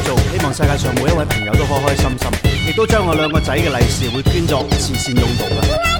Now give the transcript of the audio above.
希望世界上每一位朋友都開開心心，亦都將我兩個仔嘅利是會捐作慈善用途嘅。